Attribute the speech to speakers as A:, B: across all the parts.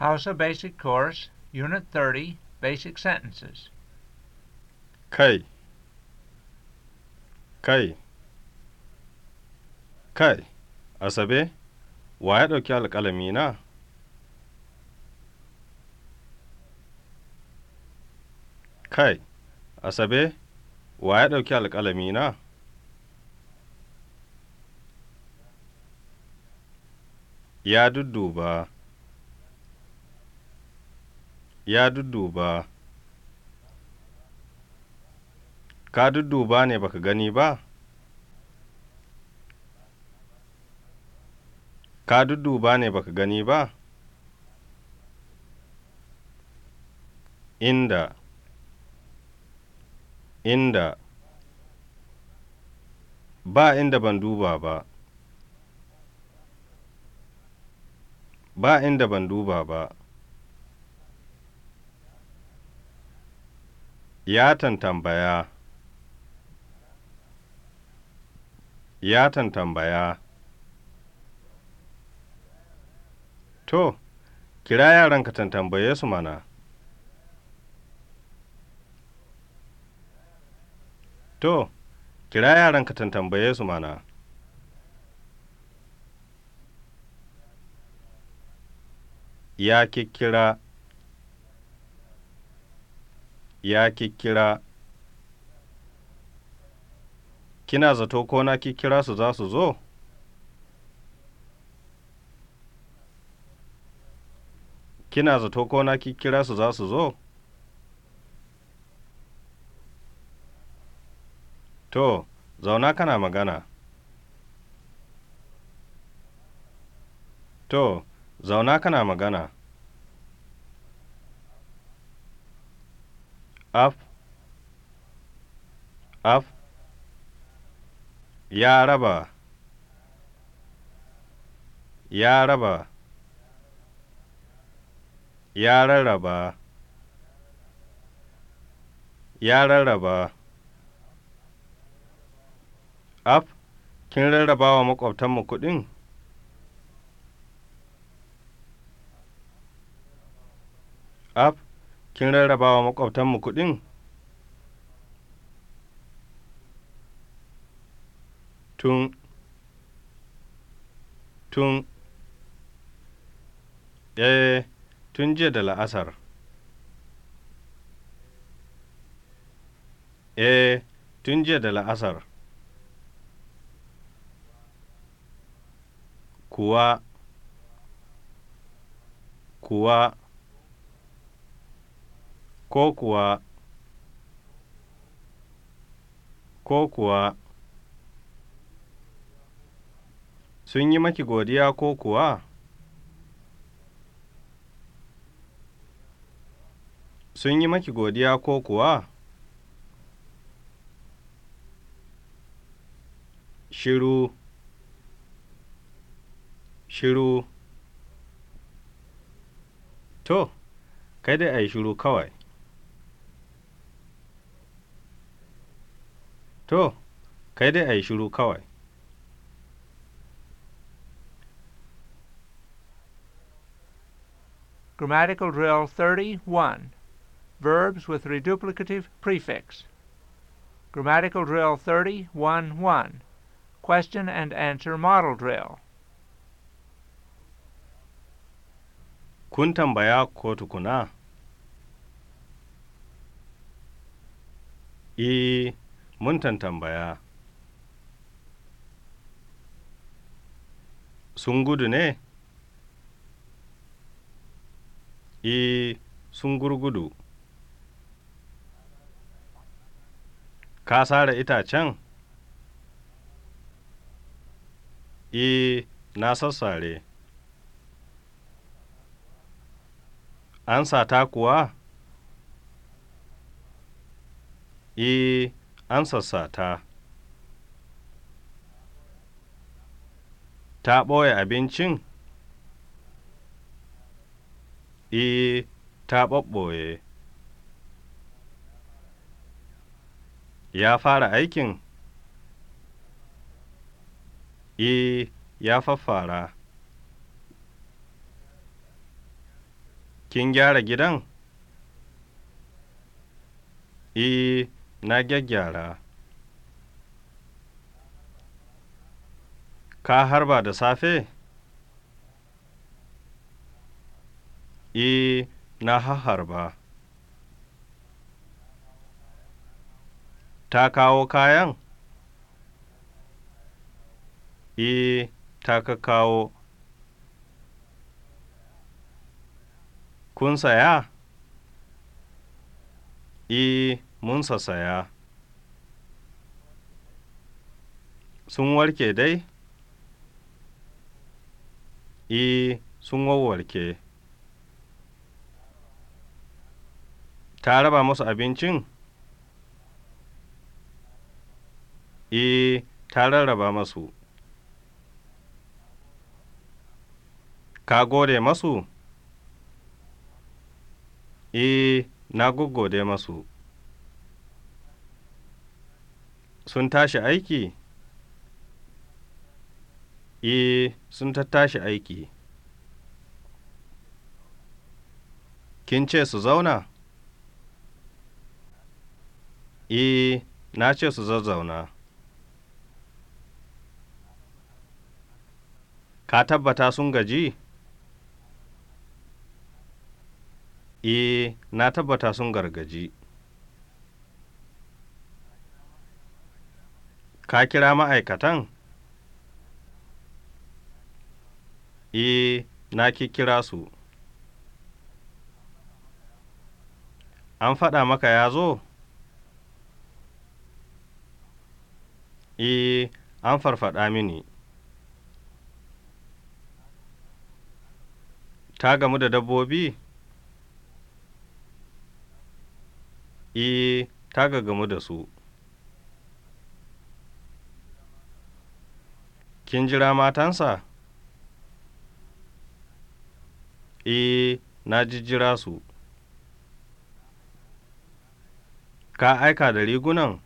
A: Hausa Basic Course, Unit 30, Basic Sentences. Kai. Kai. Kai, Asabe, wa ya ɗauki Kai, Asabe, wa ya ɗauki alƙalami ya dudduba ka dudduba ne baka gani ba ka dudduba ne baka gani ba inda inda ba inda ban duba ba ba inda ban duba ba Ya tantambaya. Ya tantambaya. To, kira yaran ka tantambaye su mana. To, kira yaran ka tantambaye su mana. Ya kikkira. ya kikkira kina zato ko na kikkira su za su zo kina zato ko na kikkira su za su zo to zauna kana magana to zauna kana magana af af ya raba ya raba ya rarraba ya rarraba af kin rarraba wa makwabtanmu kuɗin af Kin rarraba wa mu kuɗin? Tun, tun, eh, tun jiya da la'asar. Eh, tun jiya da la'asar. Kuwa, kuwa. ko kuwa sun yi maki godiya ko kuwa sun yi maki godiya ko kuwa shiru shiru to kada a yi shiru kawai To, kai dai a yi shiru kawai. Grammatical Drill 31 Verbs with Reduplicative Prefix. Grammatical Drill 31 1 Question and Answer Model Drill. Kun tambaya ko tukuna? E. mun tambaya. sun gudu ne e sun gurgudu ka sare itacen e na sassare an sata kuwa e an sassata ta ɓoye abincin? e ta ɓaɓɓoye ya fara aikin? e ya faffara kin gyara gidan? e Na gyaggyara. Ka harba da safe? E, na harba. Ta kawo kayan? E, ta ka kawo. Kun saya? E, mun saya. sun warke dai e sun warke ta raba musu abincin e ta rarraba masu ka gode masu e na gogode masu sun tashi aiki? E, sun tattashi aiki. Kin ce su zauna? E, na ce su zazzauna. Ka tabbata sun gaji? E, na tabbata sun gargaji. Ka kira ma'aikatan? E, na kira su. An faɗa maka ya zo? E, an farfaɗa mini. Ta gamu da dabbobi? E, ta gagamu da su. Kin jira matansa? E, na jijjira su. Ka aika da rigunan?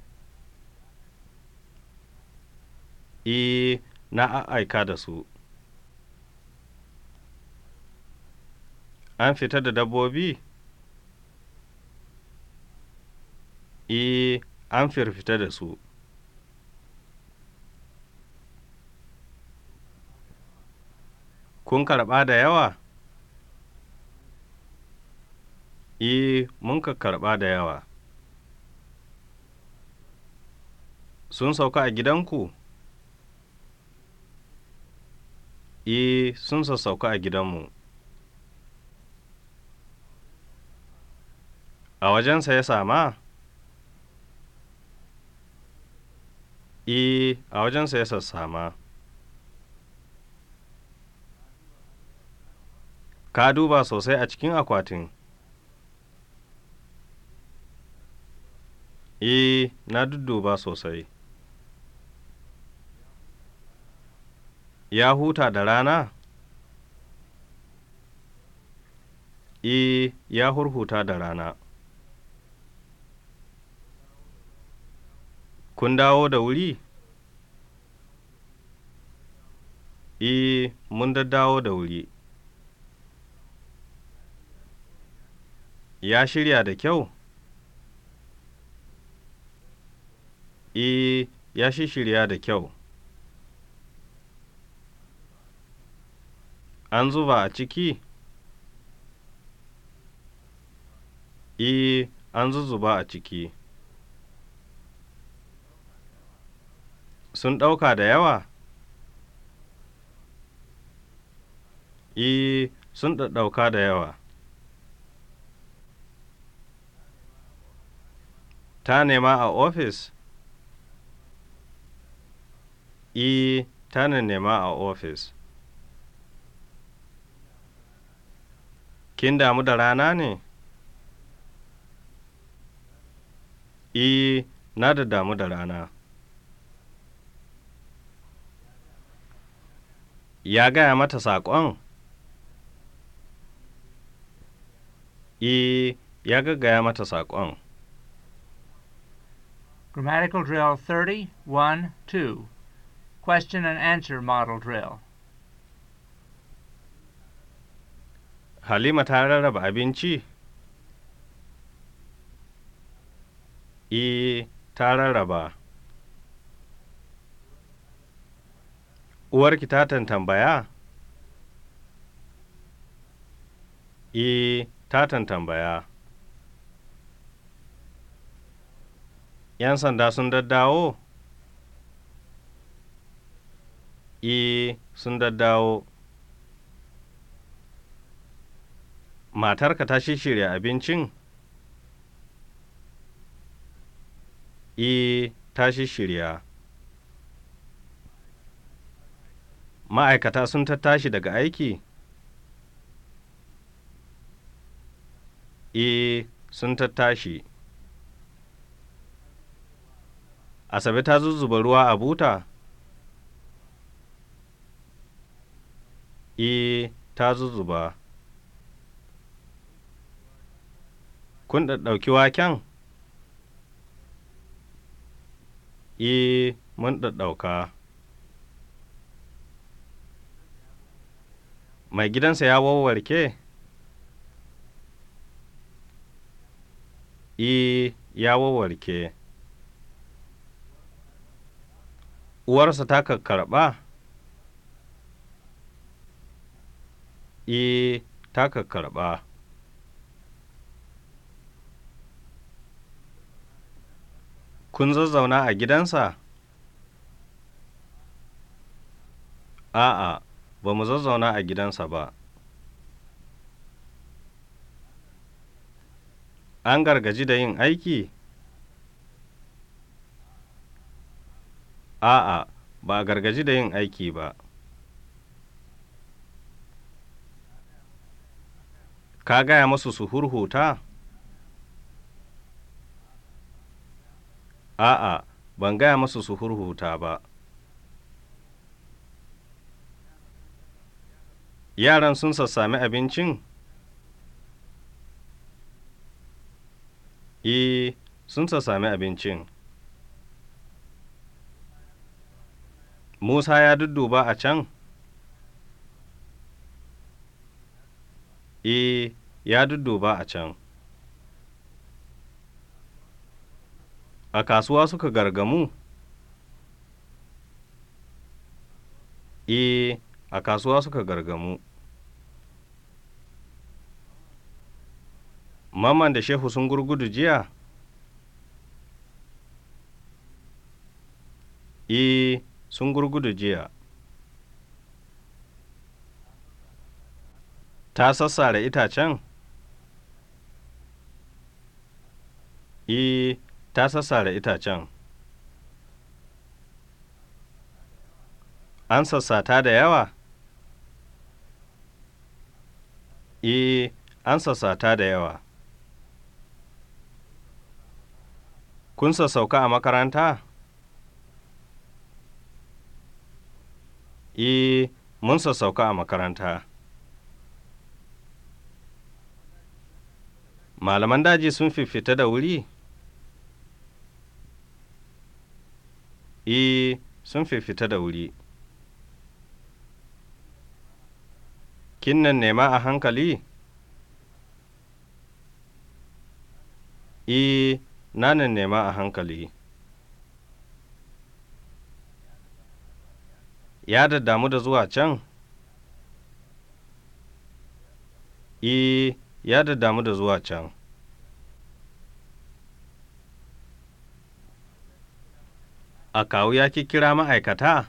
A: E, na aika da su. An fita da dabbobi? E, an firfita da su. Kun karɓa da yawa? Eh, mun ka karɓa da yawa. Sun sauka a gidanku? Eh, sun sassauka a gidanmu. A wajensa ya sama? Eh, a wajensa ya sassama. Ka duba sosai a cikin akwatin? Eh, na dudduba sosai. Ya huta da rana? Eh, ya hurhuta da rana. Kun dawo da wuri? Eh, mun daddawo da wuri. Ya shirya da kyau? E, ya shirya da kyau. An zuba a ciki? E, an zuzuba a ciki. Sun ɗauka da yawa? E, sun ɗauka da yawa. ta nema a ofis? I, e, ta nema a ofis. Kin damu da rana ne? I, e, na da damu da rana. Ya gaya mata saƙon? I, e, ya gaggaya mata saƙon. Grammatical Drill 30 1 2 Question and Answer Model Drill Halima ta rarraba abinci? E, eh, ta rarraba. Uwarki ta tantambaya? E, eh, ta tantambaya. ‘yan sanda sun daddawo? E, sun daddawo. Matarka ta shirya abincin? E, ta shirya. Ma'aikata sun ta tashi daga aiki? E, sun ta tashi. Asabe ta zuzuba ruwa a buta? E, ta zuzuba. Kun ɗauki waken? E, mun ɗauka. Mai gidansa ya warwarke? E, ya warwarke. uwarsa ta karɓa? e ta karɓa. kun zazzauna a gidansa a'a ba mu zazzauna a gidansa ba an gargaji da yin aiki A'a, ba a gargaji da yin aiki ba. Ka gaya masu su hurhuta? A'a, ban gaya masu su hurhuta ba. Yaran sun sassami abincin? E, sun sassami abincin. Musa ya dudduba a can? E, ya dudduba a can. A kasuwa suka gargamu? E, a kasuwa suka gargamu. Mamman da Shehu sun gurgudu jiya? E, Sun gurgudu jiya ta sassare itacen? E, ta sassare itacen. An sassata da yawa? E, an sassata da yawa. Kun sassauka a makaranta? E, mun sassauka a makaranta. Malaman daji sun fifita da wuri? E, sun fifita da wuri. Kin nan nema a hankali? E, na nan nema a hankali. ya daddamu da zuwa can e ya daddamu da zuwa can a kawo ya kira ma'aikata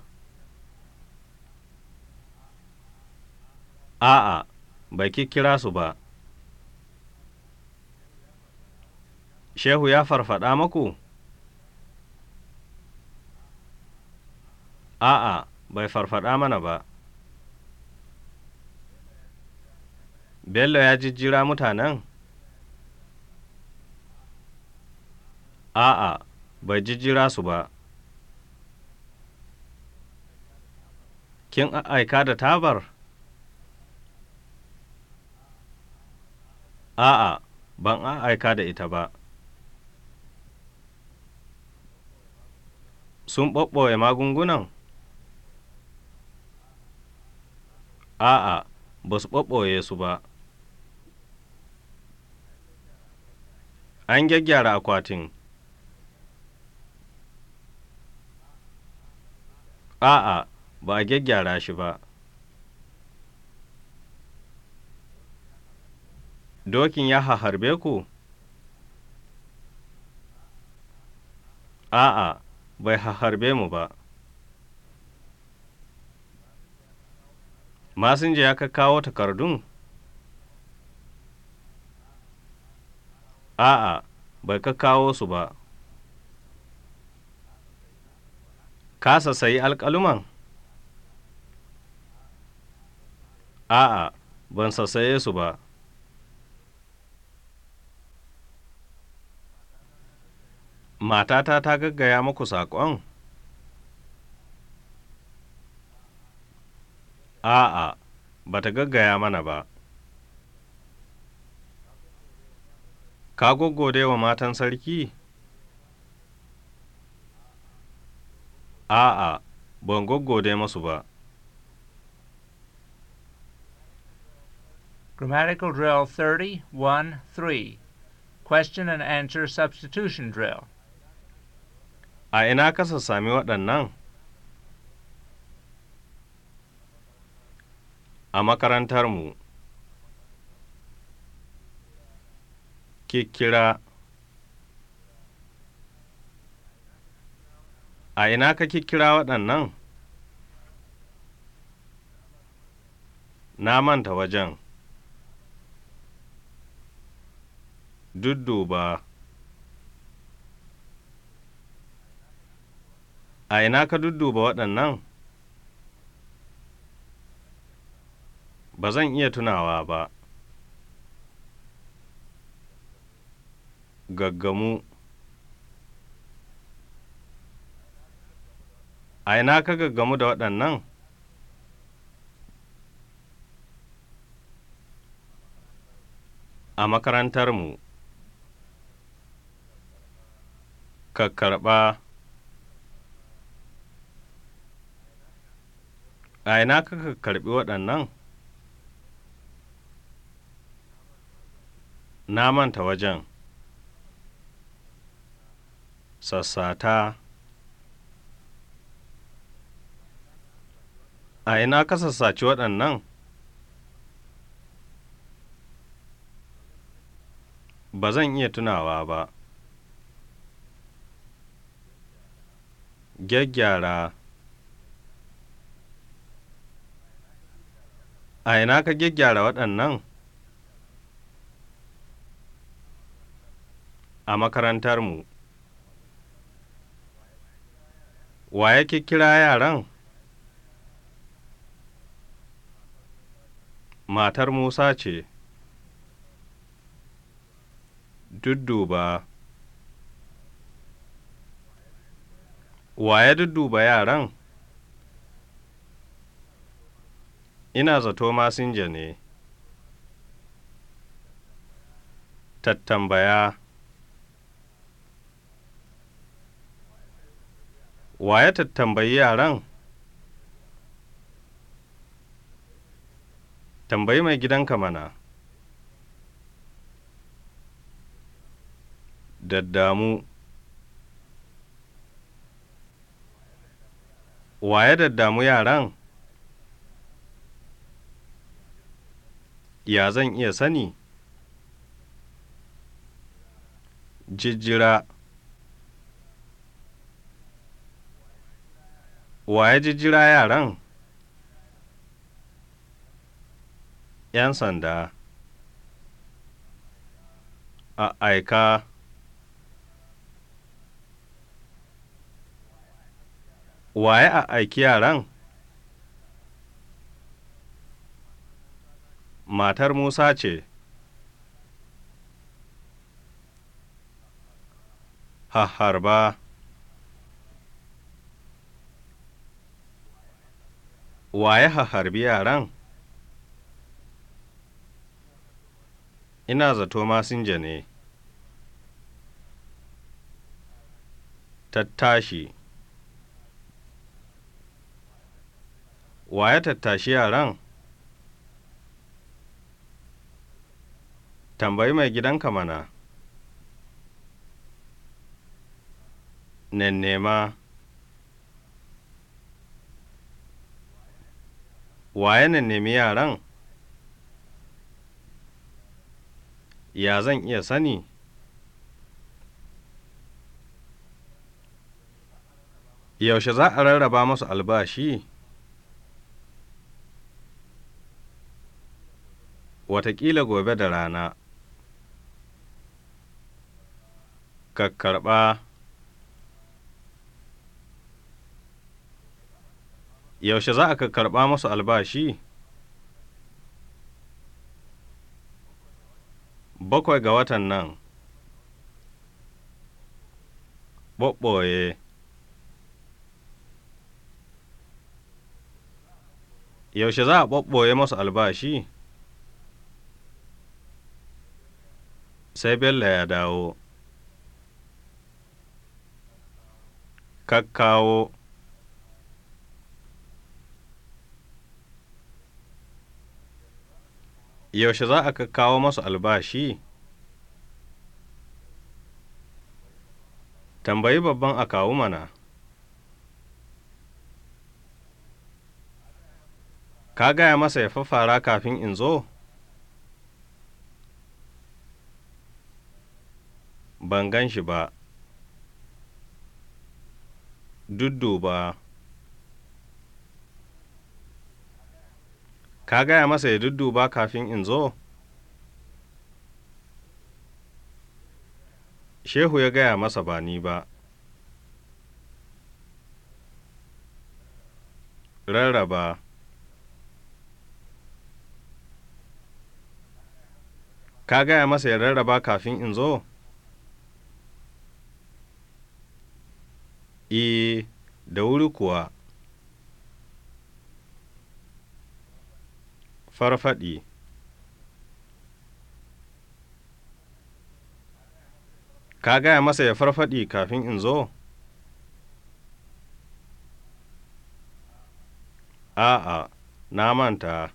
A: a'a bai kira su ba shehu ya farfada maku a'a bai farfada mana ba bello ya jijjira mutanen a'a bai jijjira su ba kin aika da tabar a'a ban aika da ita ba sun ɓaɓɓoye magungunan A'a, ba su ɓaɓɓoye su ba. An gyaggyara akwatin. A'a, ba a gyaggyara shi ba. Dokin ya harbe ku? A'a, bai harbe mu ba. masinja ya kawo takardun a'a bai kawo su ba kasa sayi alkaluman a'a ban sassaye su ba matata ta gaggaya muku saƙon A'a, ba ta gaggaya mana ba. Ka goggode wa matan sarki? A'a, ban goggode masu ba. Grammatical drill 30, 1, 3. Question and answer substitution drill. A ina kasa sami waɗannan? a makarantarmu kikkira a ina ka kikkira waɗannan na manta wajen dudduba a ina ka dudduba waɗannan Ba zan iya tunawa ba. Gaggamu A ina ka gaggamu da waɗannan? A makarantarmu. Ka karɓa. A ina ka karɓi waɗannan? na manta wajen sassata a ina ka sassaci waɗannan ba zan iya tunawa ba gyaggyara a ina ka gyaggyara waɗannan a makarantarmu wa ya kira yaran matar musa ce dudduba wa ya dudduba yaran ina zato masinja ne tattambaya wa ya tattambayi yaran tambayi mai gidanka mana daddamu wa ya daddamu yaran ya zan iya sani jijjira wa ya jira yaran 'yan sanda a aika waye a aiki yaran matar musa ce ha harba Wa ya harbi yaran? Ina zato masinja ne. Tattashi Wa ya tattashi yaran? Tambayi mai gidanka mana. Nennema. wa ya nemi yaran ya zan iya sani yaushe za a rarraba masu albashi watakila gobe da rana Ka karɓa. yaushe za a karɓa masu albashi bakwai ga watan nan ɓoɓɓoye yaushe za a ɓoɓɓoye masu albashi sai bello ya dawo kakkawo yaushe za a kawo masu albashi tambayi babban a akawu mana ka gaya masa ya faffara kafin in zo ban gan shi ba ba. ka gaya masa ya dudduba kafin in zo shehu ya gaya masa ba ni ba rarraba ka gaya masa ya rarraba kafin in zo? E, da wuri kuwa. farfaɗi Ka gaya masa ya farfaɗi kafin in zo? A'a, na manta.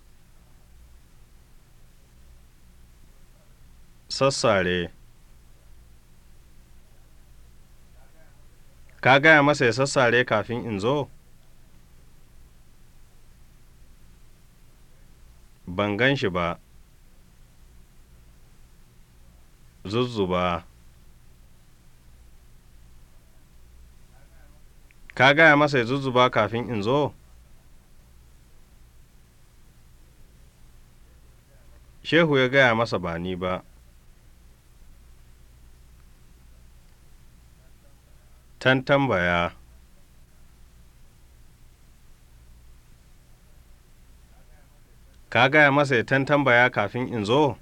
A: Sassare Ka gaya masa ya sassare kafin in zo? Ban gan shi ba, zuzzuba. Ka gaya masa ya zuzzuba kafin in zo? Shehu ya gaya masa ba ni ba. Tan tambaya. ka gaya masa ya tambaya kafin in zo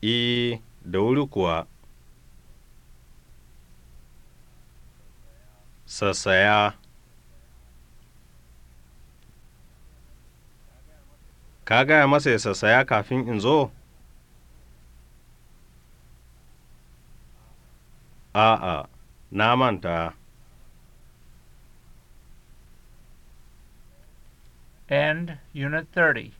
A: e da wuri kuwa sassaya ka gaya masa ya sassaya kafin in zo a'a na manta End Unit 30.